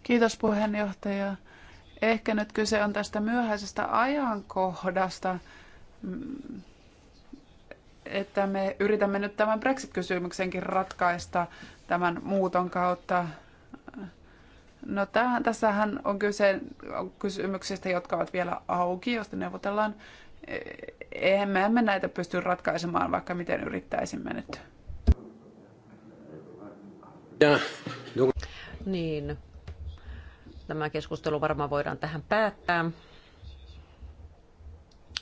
Kiitos puheenjohtaja. Ehkä nyt kyse on tästä myöhäisestä ajankohdasta, mm, että me yritämme nyt tämän Brexit-kysymyksenkin ratkaista tämän muuton kautta. No tässähän on kyse kysymyksistä, jotka ovat vielä auki, josta neuvotellaan eihän me emme näitä pysty ratkaisemaan, vaikka miten yrittäisimme nyt. Niin, tämä keskustelu varmaan voidaan tähän päättää.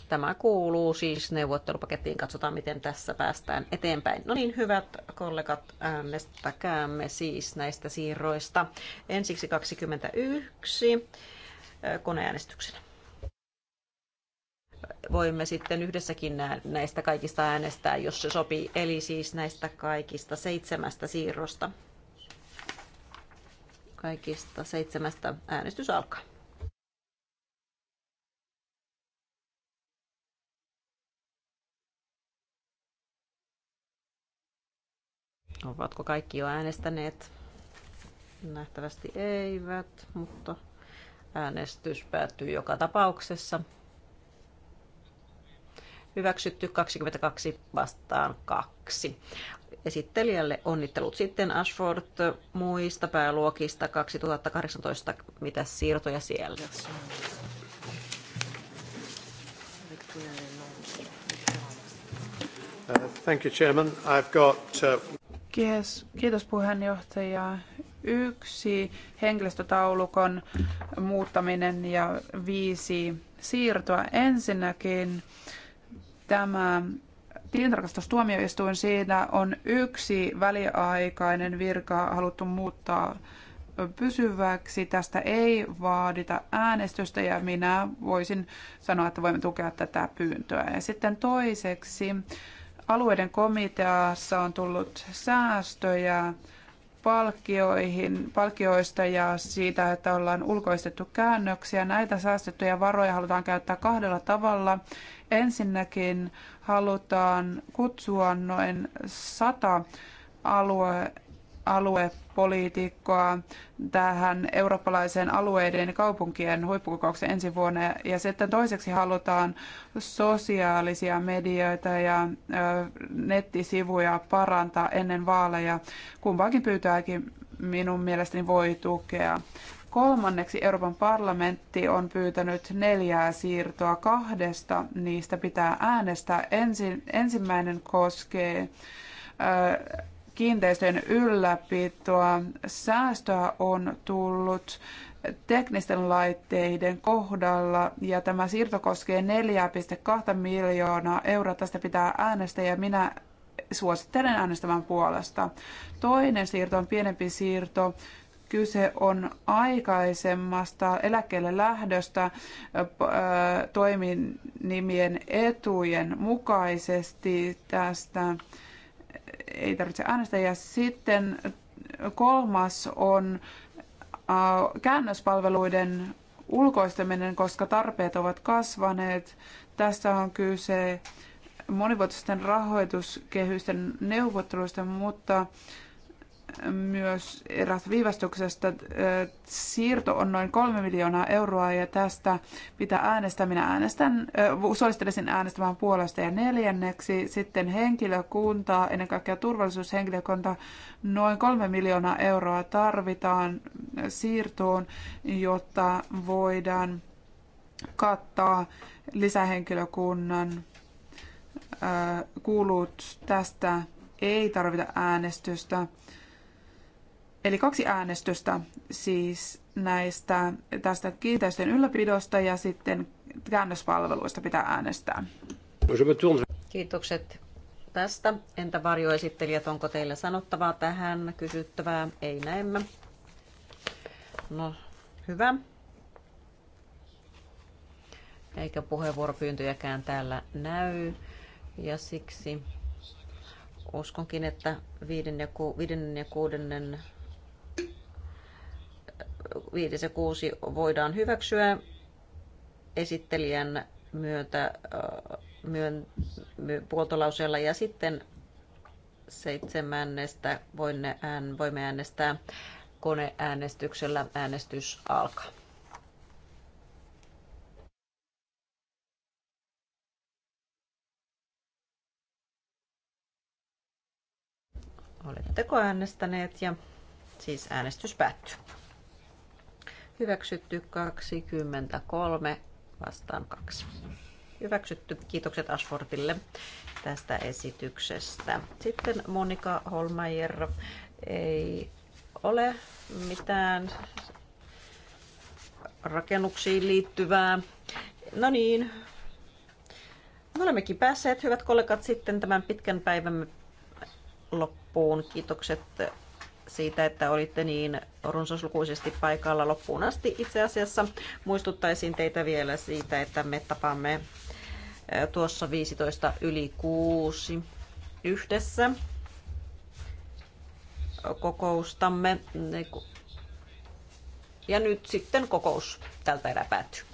Tämä kuuluu siis neuvottelupakettiin. Katsotaan, miten tässä päästään eteenpäin. No niin, hyvät kollegat, äänestäkäämme siis näistä siirroista. Ensiksi 21 koneäänestyksenä voimme sitten yhdessäkin näistä kaikista äänestää, jos se sopii, eli siis näistä kaikista seitsemästä siirrosta. Kaikista seitsemästä äänestys alkaa. Ovatko kaikki jo äänestäneet? Nähtävästi eivät, mutta äänestys päättyy joka tapauksessa hyväksytty 22 vastaan 2. Esittelijälle onnittelut sitten Ashford muista pääluokista 2018. Mitä siirtoja siellä? Uh, thank you, Chairman. I've got, uh... Kiitos, kiitos puheenjohtaja. Yksi henkilöstötaulukon muuttaminen ja viisi siirtoa. Ensinnäkin Tämä tilintarkastustuomioistuin siinä on yksi väliaikainen virka haluttu muuttaa pysyväksi. Tästä ei vaadita äänestystä ja minä voisin sanoa, että voimme tukea tätä pyyntöä. Ja sitten toiseksi alueiden komiteassa on tullut säästöjä palkkioihin, palkkioista ja siitä, että ollaan ulkoistettu käännöksiä. Näitä säästettyjä varoja halutaan käyttää kahdella tavalla. Ensinnäkin halutaan kutsua noin sata alue aluepolitiikkaa tähän eurooppalaiseen alueiden ja kaupunkien huippukokoukseen ensi vuonna. Ja sitten toiseksi halutaan sosiaalisia medioita ja nettisivuja parantaa ennen vaaleja. Kumpaakin pyytääkin minun mielestäni voi tukea. Kolmanneksi Euroopan parlamentti on pyytänyt neljää siirtoa. Kahdesta niistä pitää äänestää. Ensin, ensimmäinen koskee ö, kiinteistöjen ylläpitoa. Säästöä on tullut teknisten laitteiden kohdalla ja tämä siirto koskee 4,2 miljoonaa euroa. Tästä pitää äänestää ja minä suosittelen äänestämään puolesta. Toinen siirto on pienempi siirto. Kyse on aikaisemmasta eläkkeelle lähdöstä äh, toiminimien etujen mukaisesti tästä ei tarvitse äänestää. Ja sitten kolmas on äh, käännöspalveluiden ulkoistaminen, koska tarpeet ovat kasvaneet. Tässä on kyse monivuotisten rahoituskehysten neuvotteluista, mutta myös eräs viivästyksestä. Siirto on noin 3 miljoonaa euroa ja tästä pitää äänestää. Minä äänestän, suosittelisin äänestämään puolesta ja neljänneksi. Sitten henkilökuntaa, ennen kaikkea turvallisuushenkilökunta, noin 3 miljoonaa euroa tarvitaan siirtoon, jotta voidaan kattaa lisähenkilökunnan kulut tästä ei tarvita äänestystä. Eli kaksi äänestystä siis näistä tästä kiinteistön ylläpidosta ja sitten käännöspalveluista pitää äänestää. Kiitokset tästä. Entä varjoesittelijät, onko teillä sanottavaa tähän, kysyttävää? Ei näemme. No, hyvä. Eikä puheenvuoropyyntöjäkään täällä näy. Ja siksi uskonkin, että viiden ja, ku, viiden ja kuudennen 5 ja 6 voidaan hyväksyä esittelijän myötä myön, my, puoltolauseella ja sitten seitsemännestä voimme, ään, voimme äänestää koneäänestyksellä. Äänestys alkaa. Oletteko äänestäneet ja siis äänestys päättyy. Hyväksytty 23 vastaan 2. Hyväksytty. Kiitokset Ashfordille tästä esityksestä. Sitten Monika Holmeier ei ole mitään rakennuksiin liittyvää. No niin, me olemmekin päässeet, hyvät kollegat, sitten tämän pitkän päivän loppuun. Kiitokset siitä, että olitte niin runsaslukuisesti paikalla loppuun asti. Itse asiassa muistuttaisin teitä vielä siitä, että me tapaamme tuossa 15 yli 6 yhdessä kokoustamme. Ja nyt sitten kokous tältä erää päättyy.